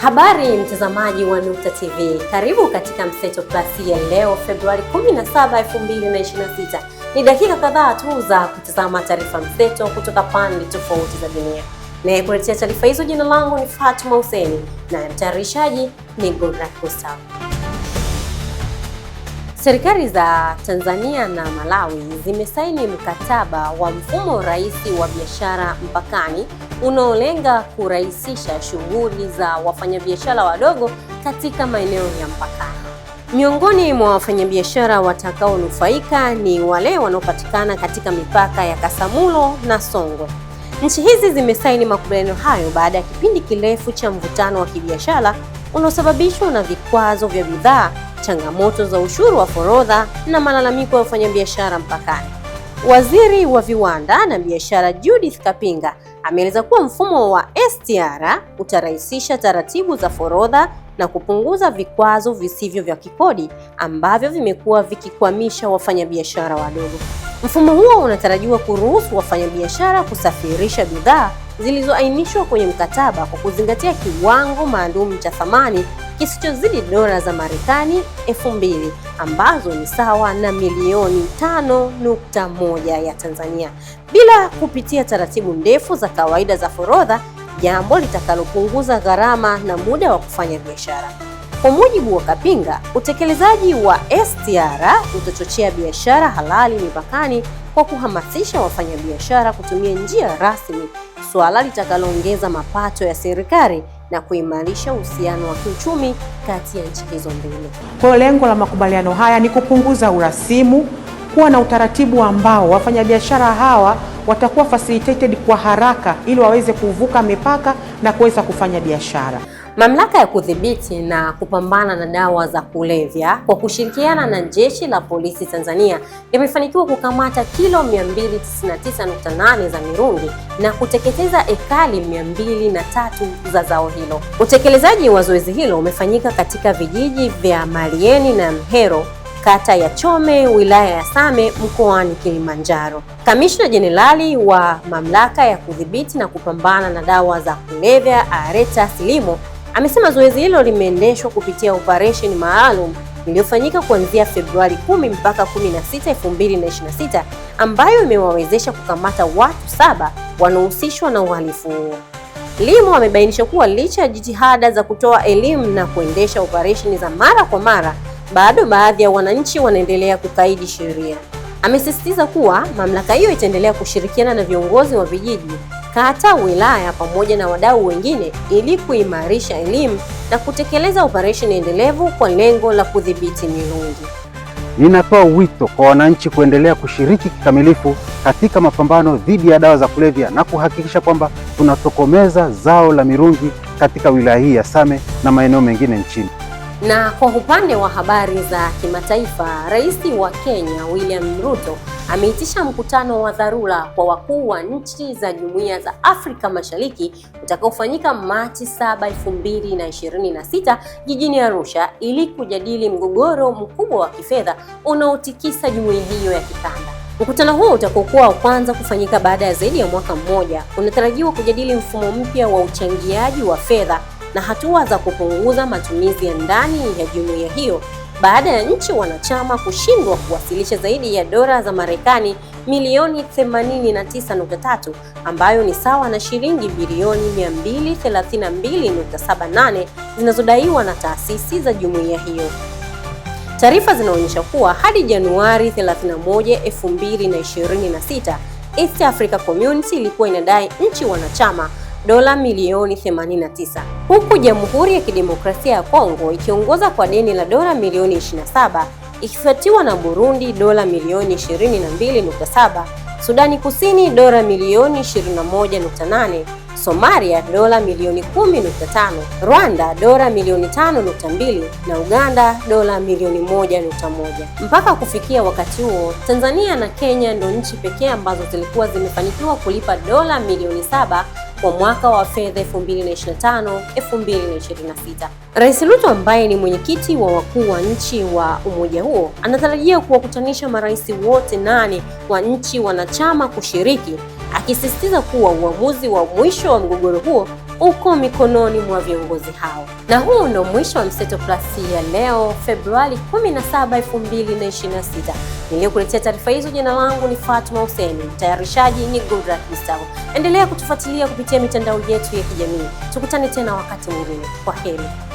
Habari mtazamaji wa Nukta TV, karibu katika Mseto Plus ya leo Februari 17, 2026. Ni dakika kadhaa tu za kutazama taarifa mseto kutoka pande tofauti za dunia. Nayekuletea taarifa hizo, jina langu ni Fatuma Huseni na mtayarishaji ni Goodluck Gustav. Serikali za Tanzania na Malawi zimesaini mkataba wa mfumo rahisi wa biashara mpakani unaolenga kurahisisha shughuli za wafanyabiashara wadogo katika maeneo ya mpakani. Miongoni mwa wafanyabiashara watakaonufaika ni wale wanaopatikana katika mipaka ya kasamulo na Songwe. Nchi hizi zimesaini makubaliano hayo baada ya kipindi kirefu cha mvutano wa kibiashara unaosababishwa na vikwazo vya bidhaa changamoto za ushuru wa forodha na malalamiko ya wafanyabiashara mpakani. Waziri wa Viwanda na Biashara Judith Kapinga ameeleza kuwa mfumo wa STR utarahisisha taratibu za forodha na kupunguza vikwazo visivyo vya kikodi ambavyo vimekuwa vikikwamisha wafanyabiashara wadogo. Mfumo huo unatarajiwa kuruhusu wafanyabiashara kusafirisha bidhaa zilizoainishwa kwenye mkataba kwa kuzingatia kiwango maalum cha thamani kisichozidi dola za Marekani elfu mbili ambazo ni sawa na milioni tano nukta moja ya Tanzania bila kupitia taratibu ndefu za kawaida za forodha, jambo litakalopunguza gharama na muda wa kufanya biashara. Kwa mujibu wa Kapinga, utekelezaji wa STR utachochea biashara halali mipakani kwa kuhamasisha wafanyabiashara kutumia njia rasmi, suala litakaloongeza mapato ya serikali na kuimarisha uhusiano wa kiuchumi kati ya nchi hizo mbili. Kwa hiyo lengo la makubaliano haya ni kupunguza urasimu, kuwa na utaratibu ambao wafanyabiashara hawa watakuwa facilitated kwa haraka ili waweze kuvuka mipaka na kuweza kufanya biashara. Mamlaka ya kudhibiti na kupambana na dawa za kulevya kwa kushirikiana na Jeshi la Polisi Tanzania imefanikiwa kukamata kilo 299.8 za mirungi na kuteketeza ekali 203 za zao hilo. Utekelezaji wa zoezi hilo umefanyika katika vijiji vya Malieni na Mhero kata ya Chome, wilaya ya Same, mkoani Kilimanjaro. Kamishna Jenerali wa Mamlaka ya Kudhibiti na Kupambana na Dawa za Kulevya, Areta Silimo, amesema zoezi hilo limeendeshwa kupitia operesheni maalum iliyofanyika kuanzia Februari 10 mpaka 16, 2026 ambayo imewawezesha kukamata watu saba wanaohusishwa na uhalifu huo. Limo amebainisha kuwa licha ya jitihada za kutoa elimu na kuendesha operesheni za mara kwa mara bado baadhi ya wananchi wanaendelea kukaidi sheria. Amesisitiza kuwa mamlaka hiyo itaendelea kushirikiana na viongozi wa vijiji, kata, wilaya pamoja na wadau wengine ili kuimarisha elimu na kutekeleza operesheni endelevu kwa lengo la kudhibiti mirungi. Ninatoa wito kwa wananchi kuendelea kushiriki kikamilifu katika mapambano dhidi ya dawa za kulevya na kuhakikisha kwamba tunatokomeza zao la mirungi katika wilaya hii ya Same na maeneo mengine nchini. Na kwa upande wa habari za kimataifa, Rais wa Kenya William Ruto ameitisha mkutano wa dharura kwa wakuu wa nchi za Jumuiya za Afrika Mashariki utakaofanyika Machi 7, 2026 jijini Arusha ili kujadili mgogoro mkubwa wa kifedha unaotikisa jumuiya hiyo ya kikanda. Mkutano huo utakokuwa wa kwanza kufanyika baada ya zaidi ya mwaka mmoja, unatarajiwa kujadili mfumo mpya wa uchangiaji wa fedha na hatua za kupunguza matumizi ya ndani ya jumuiya hiyo baada ya nchi wanachama kushindwa kuwasilisha zaidi ya dola za Marekani milioni 89.3 ambayo ni sawa na shilingi bilioni 232.78 zinazodaiwa na taasisi za jumuiya hiyo. Taarifa zinaonyesha kuwa hadi Januari 31, 2026, East Africa Community ilikuwa inadai nchi wanachama dola milioni 89 huku Jamhuri ya Kidemokrasia ya Kongo ikiongoza kwa deni la dola milioni 27 ikifuatiwa na Burundi dola milioni 22.7, Sudani Kusini dola milioni 21.8, Somalia dola milioni 10.5, Rwanda dola milioni 5.2 na Uganda dola milioni 1.1. Mpaka kufikia wakati huo, Tanzania na Kenya ndio nchi pekee ambazo zilikuwa zimefanikiwa kulipa dola milioni saba kwa mwaka wa fedha 2025 2026. Rais Ruto ambaye ni mwenyekiti wa wakuu wa nchi wa umoja huo anatarajia kuwakutanisha marais wote nane wa nchi wanachama kushiriki, akisisitiza kuwa uamuzi wa mwisho wa mgogoro huo uko mikononi mwa viongozi hao. Na huu ndo mwisho wa Mseto Plus ya leo Februari 17, 2026. Niliyokuletea taarifa hizo, jina langu ni Fatuma Huseni, mtayarishaji ni Gudrat Mstau. Endelea kutufuatilia kupitia mitandao yetu ya kijamii. Tukutane tena wakati mwingine. Kwa heri.